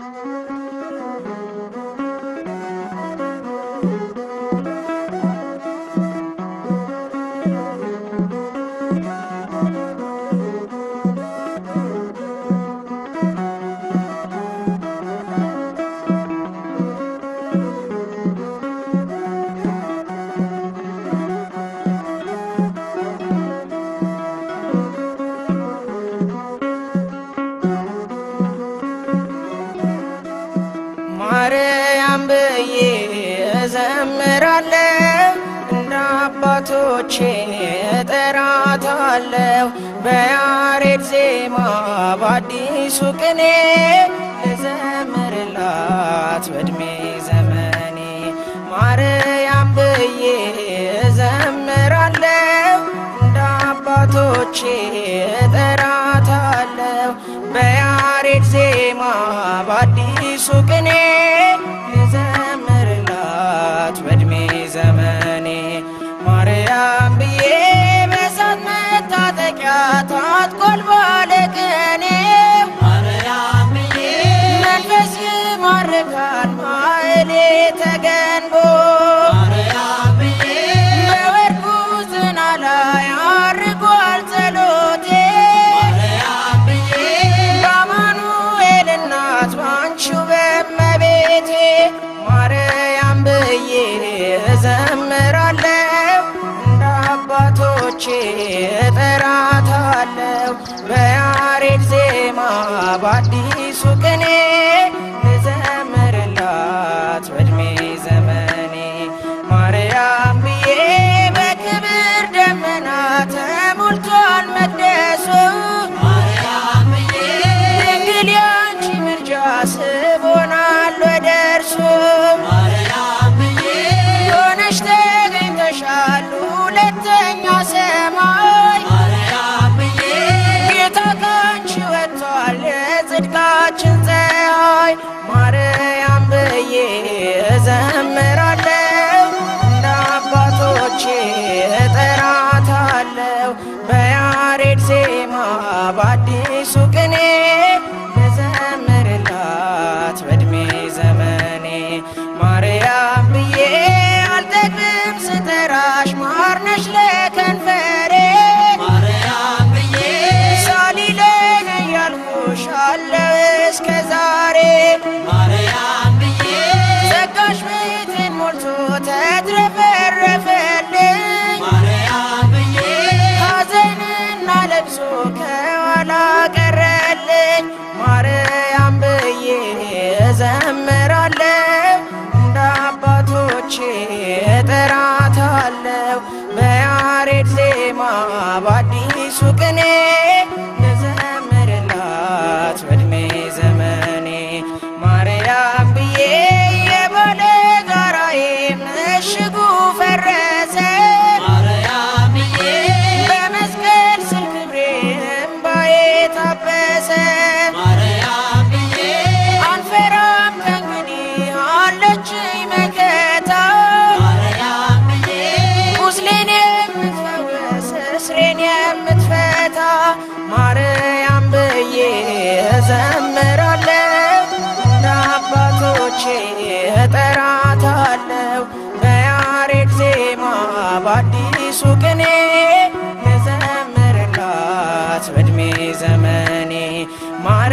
Thank you. እዘምራለሁ እንደ አባቶቼ እጠራታለሁ በያሬድ ዜማ በአዲሱ ቅኔ እዘምርላት በእድሜ ዘመኔ ማርያም ብዬ እዘምራለሁ እንደ አባቶቼ እጠራታለሁ በያሬድ ዜማ በአዲሱ ቅኔ ኪዳን ማይሌ ተገንቦ በወርቁ ዝና ላይ አርጓል ጸሎቴ በአማኑኤል እናት ባንቺው በመቤቴ ማርያም ብዬ እዘምራለሁ እንደ አባቶቼ እጠራታለሁ በያሬድ ዜማ ባዲ ስቦናል ወደ እርሱ የሆነሽ ተገኝተሻል ሁለተኛ ሰማይ ጌታ ካንቺ ወጥቷል የጽድቃችን ፀሐይ ማርያም ብዬ እዘምራለሁ እንደ አባቶቼ እጠራታለሁ በያሬድ ዜማ በአዲሱ ቅኔ ብዬ አልጠግብም ስጠራሽ ማር ለከንፈሬ ማርያም ብዬ ሳሊለኝ ያልኩሽ አለው እስከ ዛሬ ማርያም ብዬ ዘጋሽ ቤቴን ሞልቶ ተትረፈረፈልኝ ማርያም ብዬ ሐዘንና ለብሶ ከኋላ ቀረልኝ ማርያም ብዬ ዘመራ ಬಾಟಿ ಸುಖನೇ በአዲሱ ቅኔ ልዘምርላት በእድሜ ዘመኔ ማረ